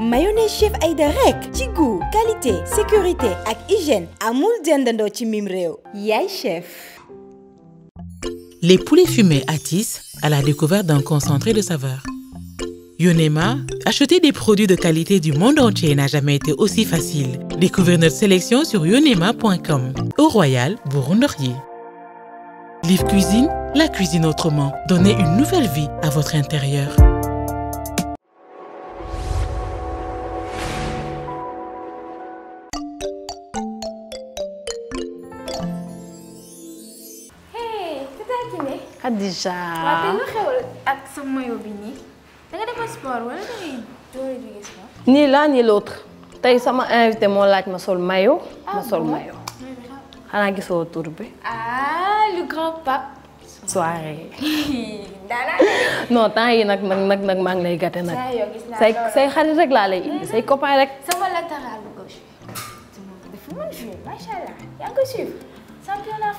mayonnaise chef qualité hygiène chef les poulets fumés Atis à la découverte d'un concentré de saveur Yonema, acheter des produits de qualité du monde entier n'a jamais été aussi facile. Découvrez notre sélection sur yonema.com. Au Royal Burundi. Live Cuisine, la cuisine autrement. Donnez une nouvelle vie à votre intérieur. Khadija. waaw tey lu xew ak sa maillot bi nii da nga demoon sport wala da ngay door a jóge sport. nii laa nii l'autre tey sama invité moo laaj ma sol maillot. ma sol maillot. xanaa gisoo tur bi. ah le grand pape. soirée. non yi nag maa ngi lay gàtte nag. say rek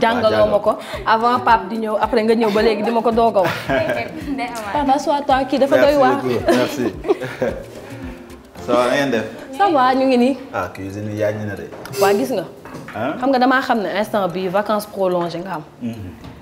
jàngaloo ma ko avant Pape di ñëw après nga ñëw ba léegi di ma ko dooga a wax. papa soit toi kii dafa doy waar. merci ça va ñu ngi nii. ah cuisine yi yaaj waa gis nga. xam nga damaa xam ne instant bi vacance prolongées nga xam mhm.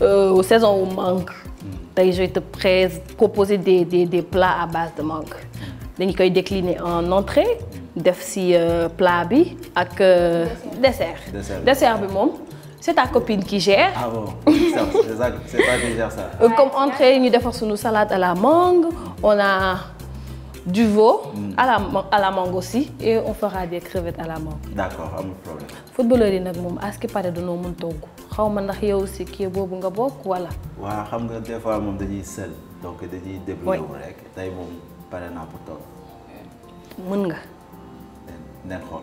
euh, aux saisons où mangue j'ai mm. ben, je te proposer des des plats à base de mangue mm. dañu koy décliner en entrée mm. des si euh, plat bi ak euh, dessert dessert bi c'est ta copine qui gère. ah bon c'est ça c'est ça qui ça. Euh, comme entrée ñu defar une salade à la mangue on a du veau à la à la mangue aussi et on fera des crevettes à la mangue. d'accord de problème. footballeur yi nag moom à de qui paraît Je ne sais pas si ndax yow aussi kii boobu nga bokk wala. waaw xam nga des fois moom dañuy seul. donc dañuy débrouiller wu rek tey moom pare naa pour togg. mën nga. nen xool.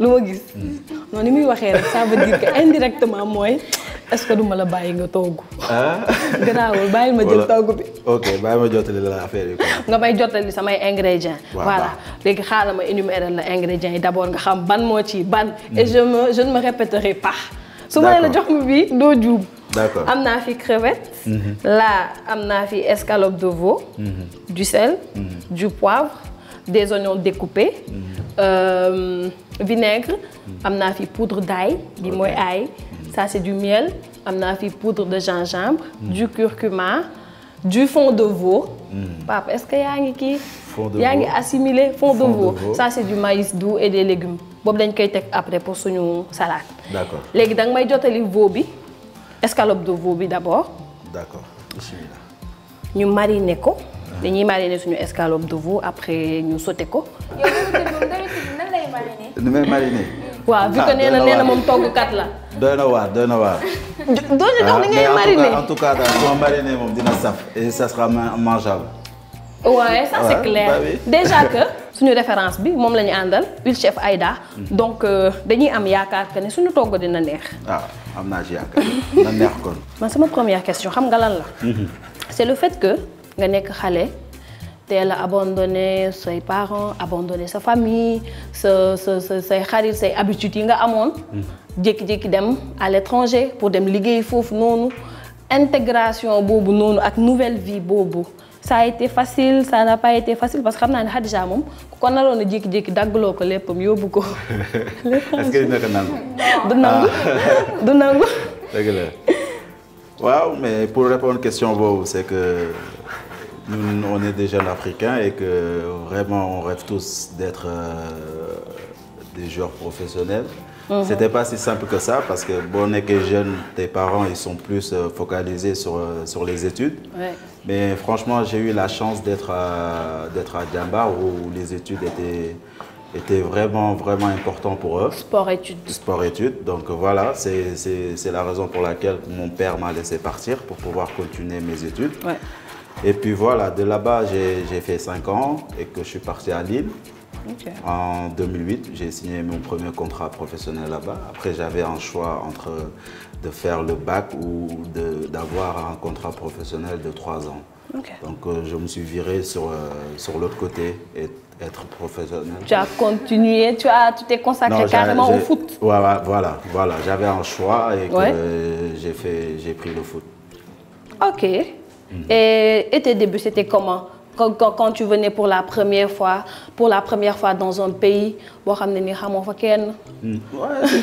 lu ma gis noonu ni muy waxé rek ça veut dire que indirectement mooy est-ce que duma la bàyyi nga togg. Ah. garaawul bàyyil ma jël togu bi. ok bàyyi ma jottali la affaire yi nga may jottali samay ingrédients. voilà légui xalama ma énumérer la ingrédients yi d'abord nga xam ban mo ci ban. et je me je ne me répéterai pas. su ma la jox ma bii doo juub. d'accord am naa fi crevette. Mhm. laa am naa fi escalope de veau. Mhm. du sel. Mhm. du poivre des oignons découpés. euh vinaigre amna fi poudre d'ail bi moy ail mm. ça c'est du miel amna fi poudre de gingembre du curcuma du fond de veau mm. papa est-ce que y ngi kii yaa ngi assimilé fond de veau ça c'est du maïs doux et des légumes Bob dañ koy tek après pour suñu salade d'accord Légui da may jotali veau bi escalope de veau bi d'abord d'accord bismillah ñu mariner ko dañuy mariner suñu escalope de veau après ñu sauter ko je mariner. Oui, vu que ah, un la. Ah, en tout cas en mariner et ça sera mangeable. Oui, ça c'est clair bah déjà que une référence bi moom la le chef Aïda mm. donc euh, dañuy am vous que suñu togg dina neex. waaw Ah, vous un na neex kon. première question mm-hmm. c'est le fait que nga elle a abandonné ses parents abandonné sa famille ses habitudes mm. à l'étranger pour dem fof nous intégration nouvelle vie ça a été facile ça n'a pas été facile parce que a est-ce que Non, du nangu ah. mais pour répondre question c'est que nous, on est des jeunes Africains et que vraiment, on rêve tous d'être euh, des joueurs professionnels. Ce mhm. n'était C'était pas si simple que ça parce que bon, on est que jeune, tes parents ils sont plus euh, focalisés euh, sur, les études. Mais franchement, j'ai eu la chance d'être à, d'être à où les études étaient, vraiment, vraiment importantes pour eux. Sport-études. Sport-études. Donc voilà, c'est la raison pour laquelle mon père m'a laissé partir pour pouvoir continuer mes études. Et puis voilà, de là-bas, j'ai fait 5 ans et que je suis parti à Lille. En 2008, j'ai signé mon premier contrat professionnel là-bas. Après, j'avais un choix entre de faire le bac ou d'avoir un contrat professionnel de 3 ans. Donc, euh, je me suis viré sur, euh, sur l'autre côté et être professionnel. Tu as continué, tu as, tu t'es consacré carrément au foot. Voilà, voilà, J'avais un choix et j'ai fait, j'ai pris le foot. Ok. Mhm. Et, tes débuts, c'était comment quand, quand, tu venais pour la première fois, pour la première fois dans un pays, hmm. Ouais,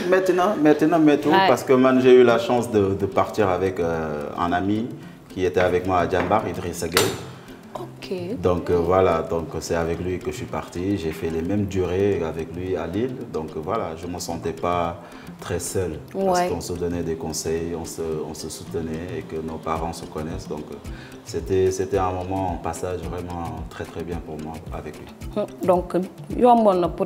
maintenant, maintenant, maintenant, parce que j'ai eu la chance de, de partir avec euh, un ami qui était avec moi à Djambar, Idriss Gueye. Donc euh, voilà, donc c'est avec lui que je suis parti. J'ai fait les mêmes durées avec lui à Lille. Donc voilà, je ne me sentais pas très seul. Parce qu'on se donnait des conseils, on se, soutenait et que nos parents se connaissent. Donc c'était un moment, un passage vraiment très très bien pour moi avec lui. Donc, pour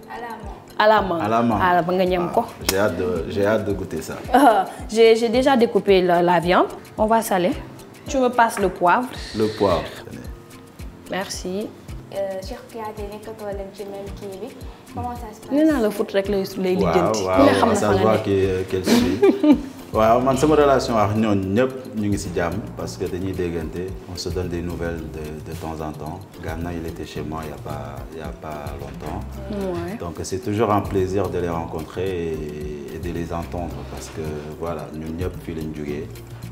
à la main. À la main. À la ah, j'ai hâte, hâte, de goûter ça. Euh, j'ai déjà découpé la, la, viande. On va saler. Tu me passes le poivre. Le poivre. Merci. Euh, Comment ça se passe? Je vais vous le foot. Je vais vous le dire. Je vais vous le suit. waaw man sama relation avec parce que on se donne des nouvelles de temps en temps Ghana il était chez moi il n'y a pas a pas longtemps. donc c'est toujours un plaisir de les rencontrer et, de les entendre parce que voilà nous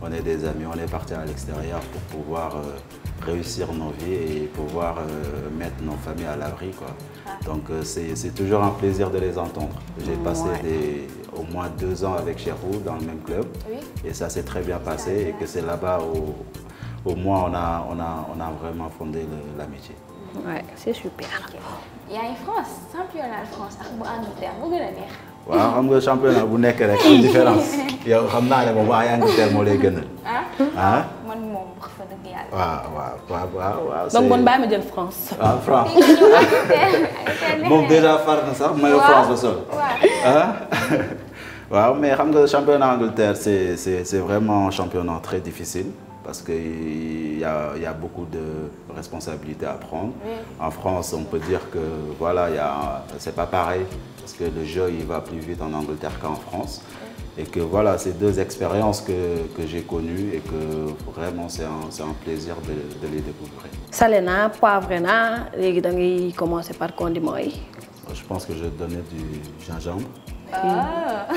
on est des amis on est partis à l'extérieur pour pouvoir. Euh, réussir nos vies et pouvoir euh, mettre nos familles à l'abri. Ah. Donc euh, c'est toujours un plaisir de les entendre. J'ai passé au moins deux ans avec Cherou dans le même club et ça s'est très bien passé et que c'est là-bas où au moins on a, on a, on a vraiment fondé l'amitié. Ouais, c'est super. Il y France championnat France ak Angleterre mu gën a je waaw xam nga championnat bu nekk différence, il différence a un championnat de France, waa Angleterre moo lay Hein? ah, ah? donc bon ma France. Ah, ah, bon déjà France ah. mais le championnat d'Angleterre, c'est vraiment un championnat très difficile. parce qu'il y a, beaucoup de responsabilités à prendre. En France, on peut dire que voilà, c'est pas pareil, parce que le jeu il va plus vite en Angleterre qu'en France. Et que voilà, ces deux expériences que, que j'ai connues et que vraiment c'est un, un, plaisir de, de les découvrir. Salena, na, et donc il commencer par condiment. Je pense que je donnais du gingembre. Ah.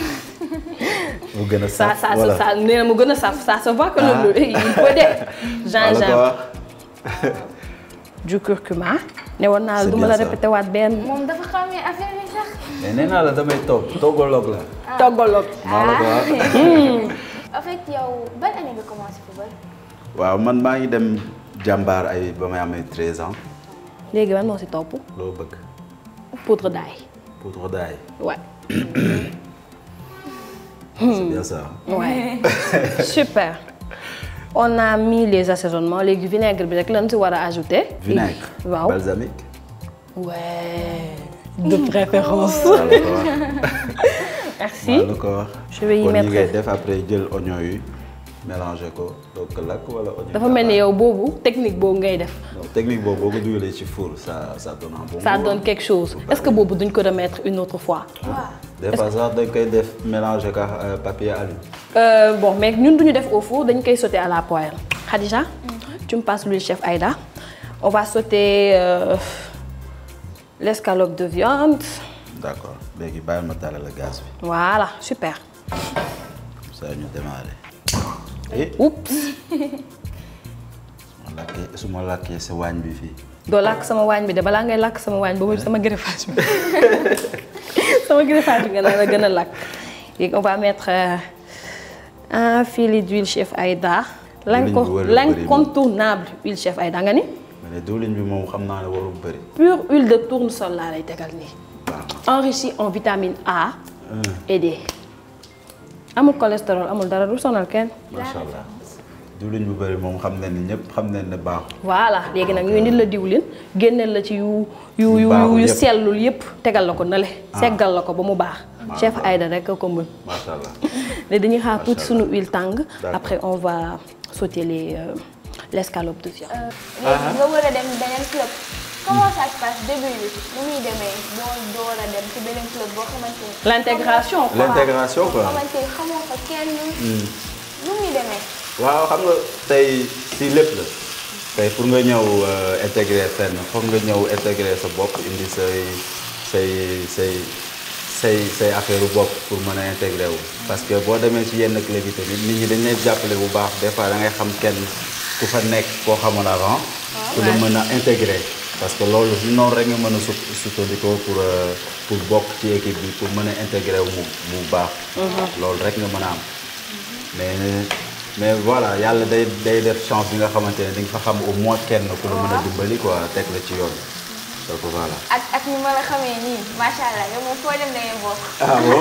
mu gën ça, voilà. ça ça ça nee ça, mu ça se voit que le ah. il faut de du curcuma. ne vais dou la du ma répété waat dafa affaire yi sax. Et Nena, damay toog toggoloog top. toggoloog maa la ko wax. en fait yow ban année nga commencé football. waaw man maa ngi dem Jambar ay ba may amee 13 ans. léegi ban moo si topp. loo bëgg. poudre d'ail. poudre d'ail. Ouais. c'est bien ça. Hein. ouais super. on a mis les assaisonnements les vinaigres, bi rek lan si ajouter. vinaigre balsamique. ouais de oh. préférence. merci euh, je vais y mettre kon ngay def après jël oignon yi mélanger. ko donc là wala oignon. va mel ni yow technique boobu ngay def. technique boobu boo ko dugalee ci four ça ça donne un bon ça donne hein. quelque chose est-ce que boobu duñ ko remettre une autre fois. des fois sax dañ koy def euh, papier à papier euh, bon mais ñun nous def au four dañ koy sauter à la poêle Khadija. Mm-hmm. tu me passes l'huile chef Aïda on va sauter. Euh l'escalope de viande. D'accord. Léegi bàyyi ma mettre la gaz bi. voilà super. comme ça nous démarrer. et. Eh? oups. su ma làkkee su ma làkkee sa waañ bi fii. doo làkk sama waañ bi de bala ngay lak sama waañ boobu sama greffage bi sama greffage bi nga la gëna lak làkk. léegi on va mettre euh, un filet d'huile chef Aïda. l'incontournable huile chef Aïda nga ni mais pure huile de tournesol enrichie en vitamine A. et D. amul cholestérol amul dara du sonal Mashallah. voilà la chef Aïda rek ko après on va sauter les. Euh, l'escalope du viol. Euh, ah. nga war a dem beneen club. comment ça se passe début bi nu muy demee doo door a dem ci beneen club boo xamante l'intégration quoi l'intégration quoi. xamante ni xamoo fa kenn. Hmm. nu muy demee. waaw xam nga tey si lépp la. tey pour nga ñëw euh, intégrer fenn foog nga ñëw intégrer sa bopp indi say say say say say affaire bopp pour mën a intégrer wu. parce que boo demee ci yenn club yi tamit nit ñi dañ lay jàppale bu baax des fois da ngay xam kenn. ku fa nekk koo xamoon avant. ku la mën a intégré. parce que loolu noonu rek nga mën a su sukkandikoo pour euh, pour bokk ci équipe bi pour mën a intégré wu mu mu baax. Mhm. loolu rek nga mën a am. mais mais voilà yàlla day day def chance bi nga xamante ne di nga fa xam au moins kenn ku la mën a mhm. dimbali quoi teg la ci yoon. donc voilà. ak ak ni ma la xamee nii macha allah yow moom foo dem da ngay bokk. ah bon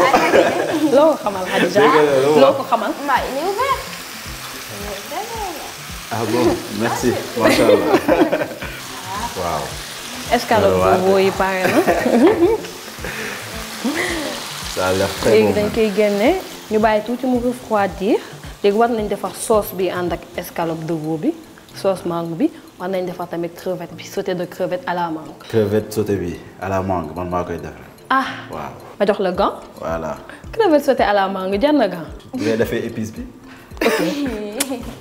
loo ko xamal Khadija. loo ko xamal. maa ngi ah bon merci macha allah waaw. escalope boobu euh, yi pare na. Hein? ça a l'air très bon léegi dañ koy génne ñu bàyyi tuuti mu refroidir léegi war nañ defar sauce bi ànd escalope de veau bi sauce mangue bi war nañ defar tamit crevettes, bi sauté de crevettes à la mangue. Crevettes sauté bi à la mangue man maa koy defar. ah waaw ma jox le gant. voilà Crevettes sauté à la mangue jar na gant. bu dee dafay épice bi. ok.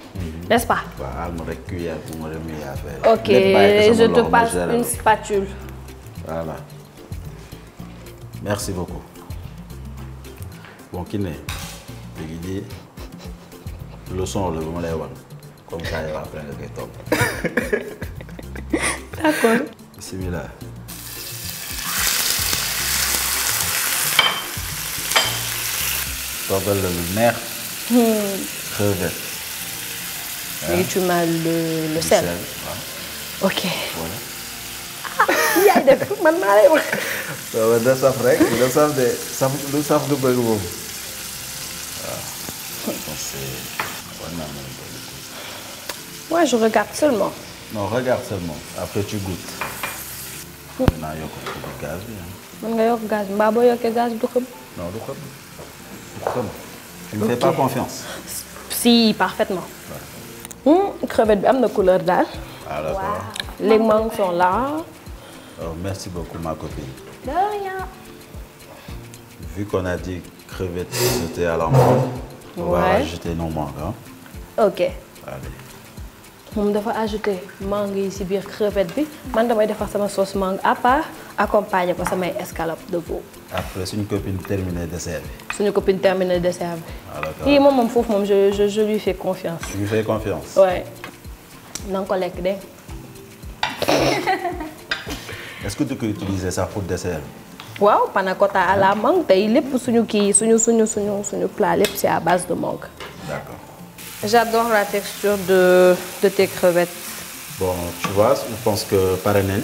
N'est-ce pas Voilà, je me recueille pour me remettre à Ok, je te passe une spatule. Voilà. Merci beaucoup. Bon, qui n'est pas dégidé Le son, le bon, le bon, le Comme ça, il va prendre le temps. D'accord. Similaire. Tu vas voir le mer Rêve. Et hein? tu mets le sel. ok. voilà. Ah, y y man des lay ah. moi je regarde seulement. non regarde seulement après tu goûtes. dinaa du gaz gaz gaz du non tu ne fais pas confiance. si parfaitement. Hum, crevette de am na couleur d'âge. Ah, les mangues sont là. Oh, merci beaucoup ma copine. De rien. Vu qu'on a dit crevettes sautées à la mangue, on ouais. va ajouter nos mangues. Hein. Ok. Allez. On ajouter mangue mangues ci biir crevette Je vais faire ma sauce mangue à part accompagner ça mes escalope de veau. après une copine terminé dessert Si suñu copine terminé dessert servir. ah je je je lui fais confiance. je lui fais confiance. oui na ko est-ce que tu peux utiliser ça pour dessert. pendant panna cotta à la mangue tu as suñu kii suñu suñu suñu suñu plat c'est à base de mangue. d'accord. j'adore la texture de de tes crevettes. bon tu vois je pense que pare -hmm.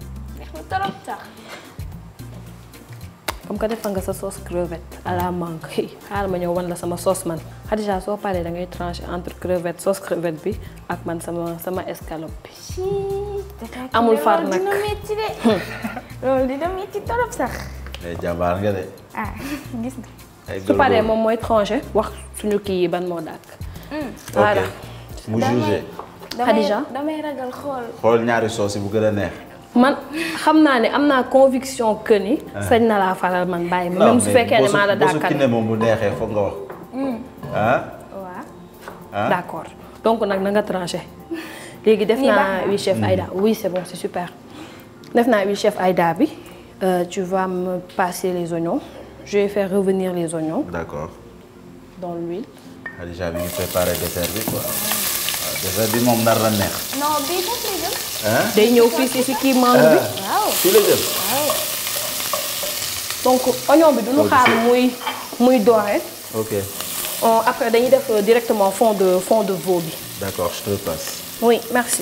torop comme que defal nga sa sauce crevette ala mangue Hal ma wan la sama sauce man Khadija soo paree da ngay trancher entre crevette sauce crevette bi ak man sama sama escalope bi. amul far nag loolu dina métti torop sax. ay jabar nga de. ah gis nga. su paree moom mooy trancher wax suñu kii yi ban moo dàkk. voilà mu jugé. Khadija damay ragal xool. xool ñaari sauce bu gën neex. man xamna ne conviction que ni. Ah. sañ na laa faral man bàyyi même su fekkee ne maa la daakal ne moom bu neexee fo nga wax. Hmm. ah. waaw ah? d'accord donc nak na nga trancher légui def naa oui chef hmm. Aïda oui c'est bon c'est super. def naa oui chef Aïda bi euh, tu vas me passer les oignons je vais faire revenir les oignons. d'accord. dans l'huile. Khadija bi ñu préparé dessert bi quoi dafa bi moom nar la neex. non bii foofu lay jëm. Hein? day ñëw fii si si kii mango bi. Ah, waaw fii lay jëm. donc oignon bi duñu xaar muy muy doré. ok euh, après dañuy def euh, directement fond de fond de veau bi. d'accord je te passe. oui merci.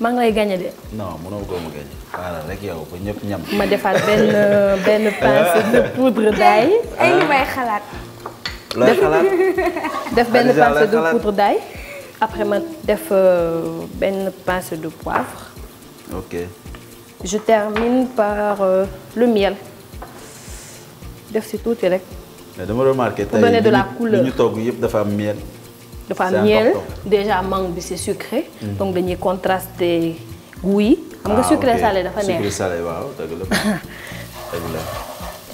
Je vais gagné non ko gagné. rek de poudre d'ail. Et je vais Je de poudre d'ail. après ma euh, pince de poivre. ok. je termine par euh, le miel. Je fais tout rek. mais dama de la couleur ñu dafa am miel déjà mangue bi c'est sucré. Mm. donc dañuy contraster goût yi. xam nga ah, sucré salé dafa neex sucré salé waaw dëgg la dëgg la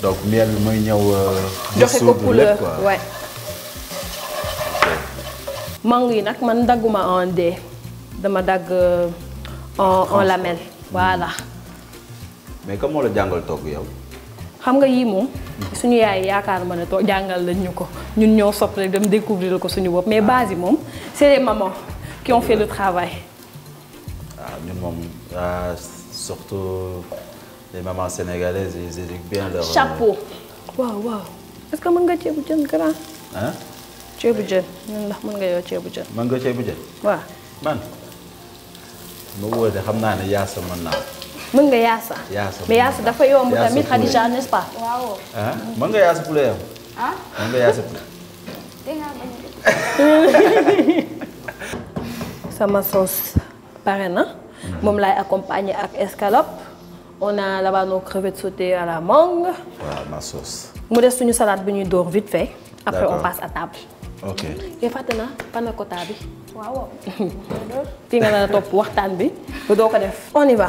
donc miel bi moy ñëw. euh ko couleur waay mangue yi nak man daguma en dés dama dagg euh, en en lamelle voilà. mais comment le jangal jàngal togg yow xam nga yi moom suñu yaay yaakaar ma ne toog jàngal lañ ñu ko ñun ñoo sopp rek dem découvrir ko suñu bopp mais ah. base yi moom c'est les mamans qui ont fait le travail. ah ñun moom ah, surtout les mamans sénégalaises ils éduquent bien leur. Euh, chapeau waaw waaw est-ce que mën nga ceebu jën grand. ah ceebu jën ñun ndax mën nga yow ceebu jën. mën nga ceebu jën. waaw man. ma wóor de xam naa ne yaa sa mën naa mën nga yaasa. yaasa mais yaasa dafa yomb tamit Khadija n'est-ce pas. waaw. ah mën nga yaasa poulet yow. ah mën nga yaasa poulet. sama sauce pare na hein? moom mm. laay accompagner ak escalope on a là-bas nos crevettes sautées à la mangue. waaw ma sauce. mu des salade bu ñuy vite fait. après on passe à table. ok Et fàtte na panna cotta bi. waaw fii nga la bi doo ko def. on y va.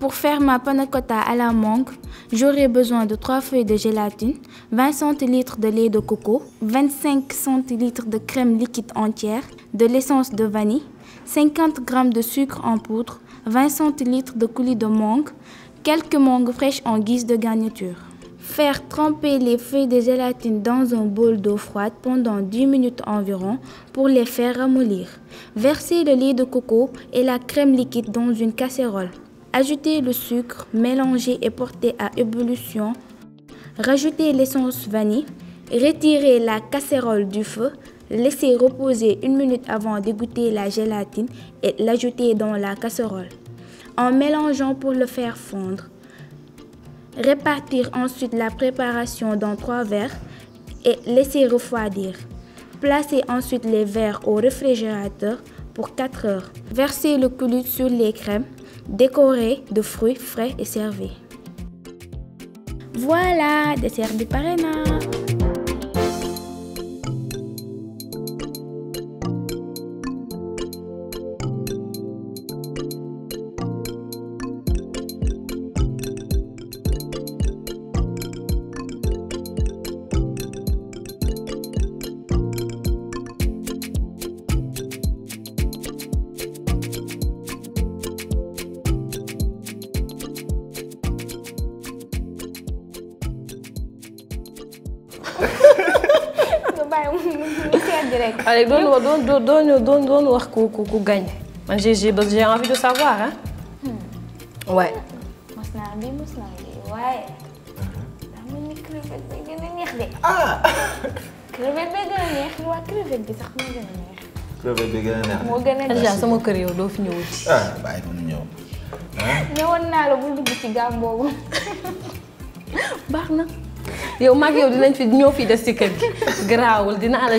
Pour faire ma panna cotta à la mangue, j'aurai besoin de 3 feuilles de gélatine, 20 cl de lait de coco, 25 centilitres de crème liquide entière, de l'essence de vanille, 50 g de sucre en poudre, 20 cl de coulis de mangue, quelques mangues fraîches en guise de garniture. Faire tremper les feuilles de gélatine dans un bol d'eau froide pendant 10 minutes environ pour les faire ramollir. Verser le lait de coco et la crème liquide dans une casserole. Ajoutez le sucre, mélangez et portez à ébullition. Rajoutez l'essence vanille. Retirez la casserole du feu. Laissez reposer une minute avant d'égoutter la gélatine et l'ajouter dans la casserole. En mélangeant pour le faire fondre. Répartir ensuite la préparation dans trois verres et laisser refroidir. Placez ensuite les verres au réfrigérateur pour 4 heures. Versez le coulis sur les crèmes décoré de fruits frais et servi. Voilà, dessert du parrainage allez, donne, donne, donne, donne, voir gagne. J'ai envie de savoir, hein? Hmm. Ouais. Ouais. Ah! crevette bi gën a crevette bi sax moo gën crevette C'est gën a neex. moo gën a neex sama kër yow doo fi ñëwuti. ah bàyyi ko ñëw. ñëwoon naa la bu dugg ci non. boobu. baax na yow mag yow dinañ fi ñoo fi des ci kër dina la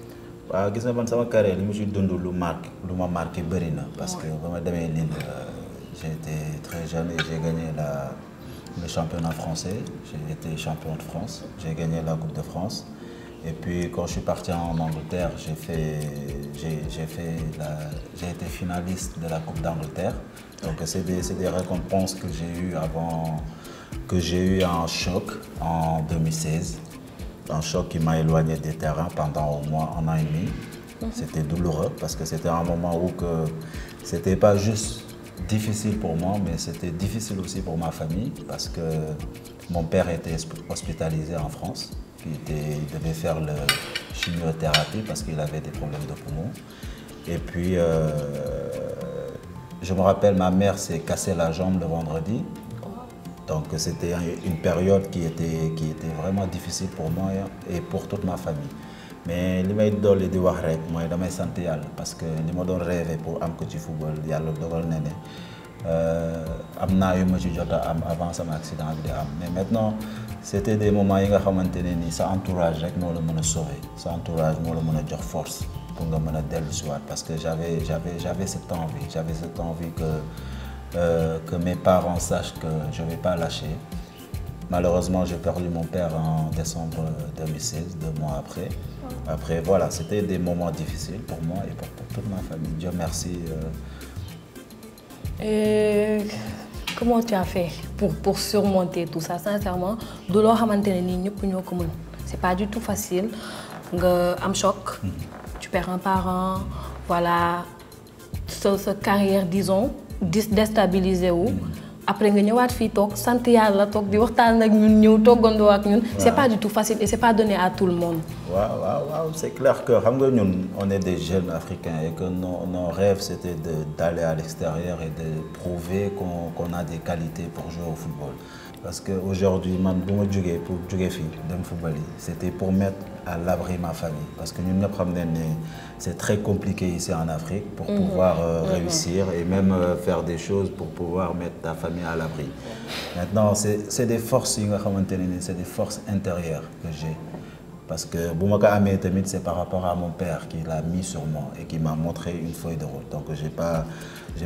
Je suis carrière le marque, parce que Madame euh, j'étais très jeune et j'ai gagné le championnat français j'ai été champion de France j'ai gagné la Coupe de France et puis quand je suis parti en Angleterre j'ai fait j'ai fait j'ai été finaliste de la Coupe d'Angleterre donc c'est des c'est des récompenses que j'ai eu avant que j'ai eu en choc en 2016 un choc qui m'a éloigné des terrains pendant au moins un an et demi. Mhm. C'était douloureux parce que c'était un moment où que c'était pas juste difficile pour moi, mais c'était difficile aussi pour ma famille parce que mon père était hospitalisé en France. Il, devait faire la chimiothérapie parce qu'il avait des problèmes de poumons. Et puis, euh, je me rappelle, ma mère s'est cassée la jambe le vendredi. Donc c'était une période qui était, qui était vraiment difficile pour moi et pour toute ma famille. mais li may dolli di wax rek moi damay sant yàlla parce que li ma doon rêvé pour am coach de football yàlla dogal na ne euh, am naa yu ci jot am avant mon accident mais maintenant c'était des moments yi nga xamante ne ni sa entourage rek moo la mën sauvé sa entourage moo la mën jox force pour que je a le parce que j'avais j'avais j'avais cette envie j'avais cette envie que euh, que mes parents sachent que je ne vais pas lâcher. Malheureusement, j'ai perdu mon père en décembre 2016, deux mois après. Après, voilà, c'était des moments difficiles pour moi et pour, toute ma famille. Dieu merci. Euh. Et comment tu as fait pour, pour surmonter tout ça Sincèrement, de c'est pas du tout facile. suis choc, mhm. tu perds un parent, voilà, sa carrière, disons déstabiliser après nga ñëwaat fii toog sant yàlla toog di waxtaan ak ñun ñëw toggandoo ak c'est pas du tout facile et c'est pas donné à tout le monde. waaw c'est clair que nous sommes on est des jeunes africains et que nos rêves c'était d'aller à l'extérieur et de prouver qu'on a des qualités pour jouer au football parce qu'aujourd'hui, pour jugé pour jouer football, c'était pour mettre à l'abri ma famille. Parce que nous, c'est très compliqué ici en Afrique pour mhm. pouvoir euh, mhm. réussir et même euh, faire des choses pour pouvoir mettre ta famille à l'abri. Maintenant, c'est des forces, c'est des forces intérieures que j'ai parce que Boumaka Amé c'est par rapport à mon père qui l'a mis sur moi et qui m'a montré une feuille de route. Donc, je n'ai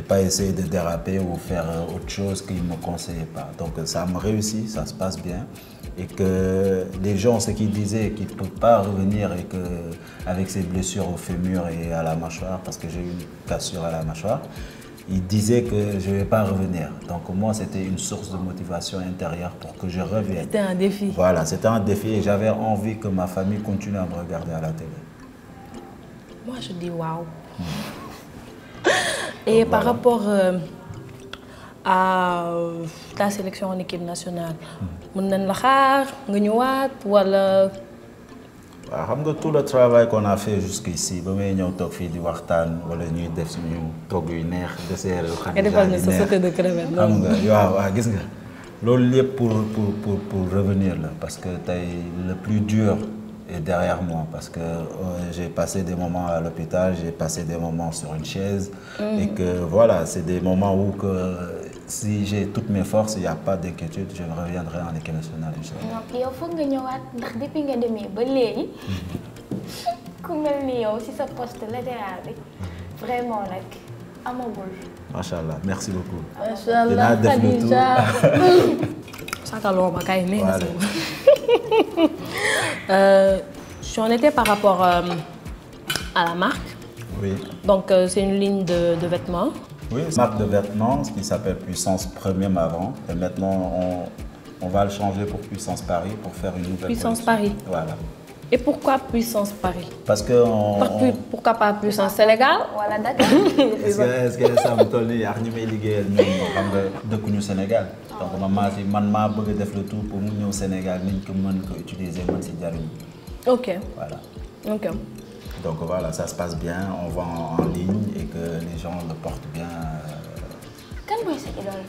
pas, essayé de déraper ou faire euh, autre chose qu'il ne me conseillait pas. Donc, ça me réussit, ça se passe bien. Et que les gens, ce qu'ils disaient, qu'ils ne peuvent pas revenir et que, avec ces blessures au fémur et à la mâchoire, parce que j'ai eu une cassure à la mâchoire, il disait que je ne vais pas revenir. Donc moi, c'était une source de motivation intérieure pour que je revienne. C'était un défi. Voilà, c'était un défi et j'avais envie que ma famille continue à me regarder à la télé. Moi, je dis waouh. Hmm. Et par rapport euh, à euh, ta sélection en équipe nationale, mmh waaw ah, xam tout le travail qu'on a fait jusqu'ici ba may ñëw toog fii di waxtaan wala ñuy def suñu togg yu neex dessert yu xam nga xam nga waaw waaw gis nga loolu lépp pour pour pour pour revenir là parce que le plus dur est derrière moi parce que euh, j'ai passé des moments à l'hôpital j'ai passé des moments sur une chaise mm. et que voilà c'est des moments où que si j'ai toutes mes forces il n'y a pas d'inquiétude je reviendrai en équipe nationale donc depuis poste mhm. vraiment merci beaucoup. Machallah, allah par rapport euh, à la marque. oui donc euh, c'est une ligne de vêtements. Oui, une marque de vêtements qui s'appelle Puissance Premium avant. Et maintenant, on, on, va le changer pour Puissance Paris pour faire une nouvelle Puissance Paris Voilà. Et pourquoi Puissance Paris Parce que... On, Par, on... Pourquoi pas Puissance Sénégal Voilà, d'accord. Est-ce que ça me donne l'animé ligue de Sénégal Donc, maman, je veux faire le tour pour nous au Sénégal, nous pouvons utiliser le Sénégal. Ok. Voilà. Ok. Donc voilà, ça se passe bien, on vend en ligne et que les gens le portent bien. Euh. Comment est cette idole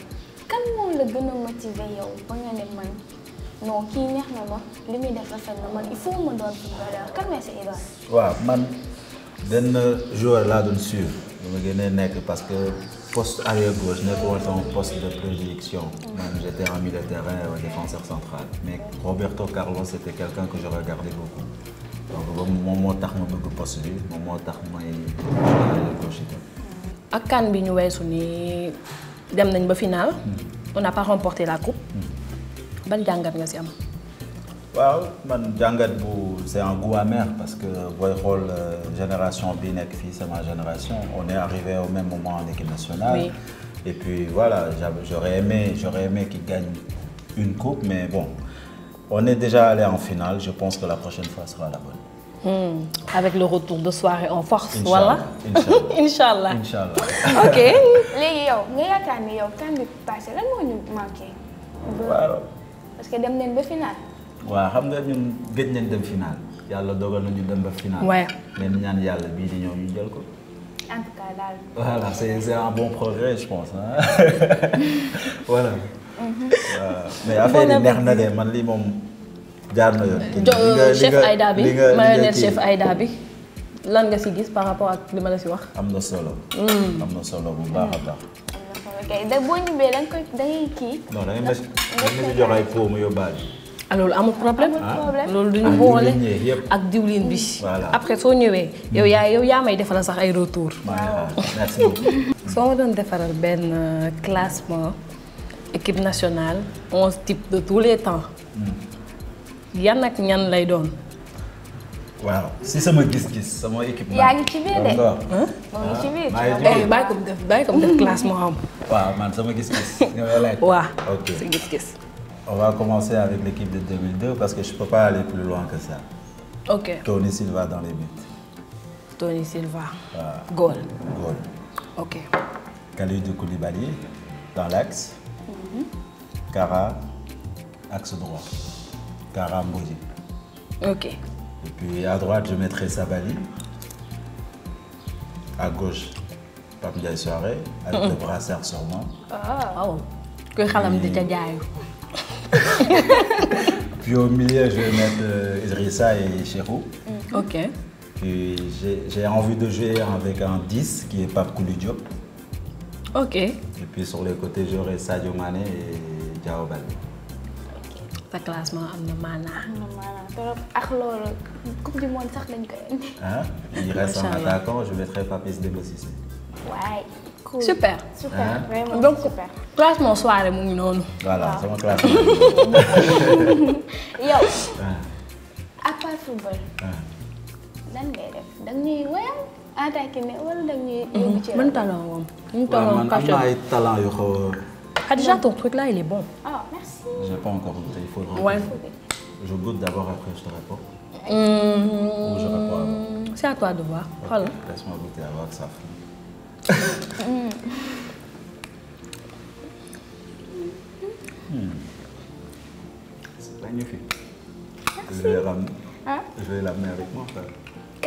Quel monde le plus motivé pour que non, qui n'est pas lui me défend il faut me donner une valeur. Quel est c'est idole Ouais, man, benn joueur là doon suivre bu ma gënee parce que poste arrière gauche pas un poste de prédilection. man j'étais en milieu de terrain défenseur central. mais Roberto Carlos c'était quelqu'un que je regardais beaucoup donc loolu moom moo tax poste bi moom moo ak kan bi ñu weesu ni dem nañ ba final. Hmm. on n'a pas remporté la coupe. Hmm. ban jangat nga ci am. waaw man jangat bu c'est un goût amer parce que booy euh, génération bi nek fi c'est ma génération on est arrivé au même moment en équipe nationale. et puis voilà j'aurais aimé j'aurais aimé qu'ils gagnent une coupe mais bon. On est déjà allé en finale, je pense que la prochaine fois sera la bonne. Hmm. Avec le retour de soirée en force, voilà. Inch'Allah. Inch'Allah. ok. léegi yow nga y ne yow temps bi passé lan ñu manqué. Voilà. parce que dem nañ ba finale. Oui, xam nga ñun gëj nañ dem finale Yalla dogal na ñu dem ba finale. Ouais. mais ñaan Yalla bi di ñëw ñu jël ko. en tout cas dal. voilà c'est un bon progrès je pense hein. voilà. mais affaire yi neex na de man lii moom jaar na yoon. chef Aïda bi marionnette chef Aïda bi lan nga si gis par rapport ak li ma la si wax. am na solo. Mm. am na solo bu baax a baax. ok da boo ñibbee da nga koy da ngay kii. non da ngay jox ay pot mu yóbbaale. Ah, loolu amul problème loolu duñu ah, boole ak diwlin bi après soo ñëwee yow mm. yaa yow yaa may defaral sax ay retour soo ma doon defaral benn euh, classement équipe nationale onze types de tous les temps. Hmm. yan ak ñan lay doon. waaw si mon gis-gis mon équipe. yaa ngi ci biir de hein? maa ngi ci eh, biir bàyyi ko def bàyyi ko def classe moo xam. waaw man sama gis-gis. waaw C'est sa gis-gis. on va commencer avec l'équipe de 2002 parce que je peux pas aller plus loin que ça. ok Tony Silva dans les buts. Tony Silva. waaw goal. goal. ok. de Koulibaly dans l'axe. Cara, axe droit. Cara Mboji. Ok. Et puis à droite, je mettrai Sabali. À gauche, Pape Ndiaye Soirée, avec hum. le brassard sur moi. Ah. Oh, que Khalam de Puis au milieu, je vais mettre euh, Idrissa et Cherou. Hum. Ok. Puis j'ai envie de jouer avec un 10 qui est Pape Koulidiop. Ok. Et puis sur les côtés, j'aurai Sadio Mané et Diao Ta un classement am na maanaa. am na maanaa ak coupe du monde sax dañ Hein? il reste un attaquant je mettrai Papis piste Cissé. Ouais. cool super. super hein? vraiment donc super. classement soirée est mon Voilà, voilà mon classement. Yo. à part football. lan hein? ngay def da ah ne wala da ñuy yóbbu ci man talent woom ñu talent man am na ay talent déjà ton truc là il est bon ah merci j'ai pas encore goûté il faut le ouais. je goûte d'abord après je te réponds mmh. ou je réponds avant c'est à toi de voir voilà laisse-moi goûter avant que ça fume mmh. c'est magnifique merci. je vais ah? je vais l'amener avec moi frère.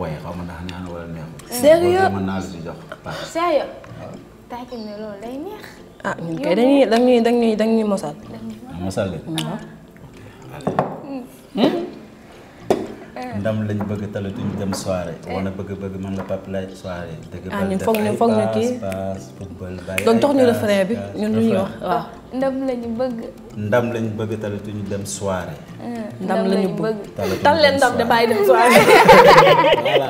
waaye xaw ma ndax ñaan wala neexul. sérieux mën naa jox sérieux ne neex. ah ñun kay dañuy dañuy dañuy dañuy mosal. mosal de. ndam lañ bëgg talatuñ dem soirée wala bëgg bëgg man la pap lay soirée. dëgg bëgg def ay pass pass football bàyyi donc jox ñu refrain bi ñun ñuy wax waaw ndam lañu bëgg ndam lañu bëgg tuñu dem soirée ndam lañu bëgg tal leen ndam da bay dem soirée voilà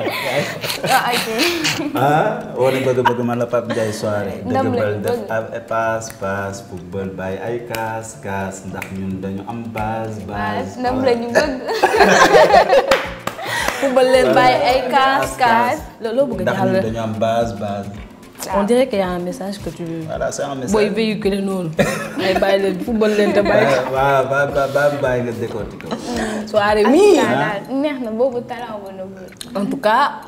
ah, ah wala bëgg bëgg man la pap jay soirée ndam bal def pass pour bal bay ay kaas kaas ndax ñun dañu am base base ndam lañu bëgg football leen bay ay kaas kaas loolu bëgg ndax ñun dañu am base base on dirait qu'il y a un message que tu veux. voilà c'est un message booy véhicule les ay bàyyi le football leen te bàyyi. waaw waaw ba ba bàyyi nga décortiquer ko. soirée mii ah, hein? neex na boobu talaaw ba en tout cas.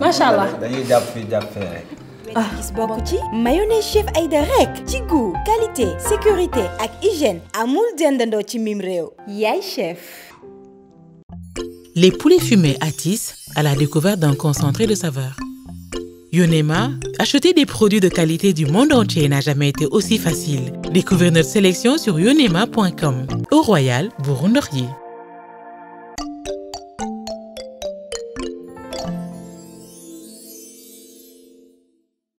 macha allah dañuy jàpp fii jàpp fee rek. ah gis ci mayonnaise chef Aïda rek ci goût qualité sécurité et hygiène amoul dendandoo ci mim réew. yaay chef. Les poulets fumés Atis à la découverte d'un concentré de saveurs. Yonema, acheter des produits de qualité du monde entier n'a jamais été aussi facile. Découvrez notre sélection sur yonema.com. Au Royal, vous rendriez.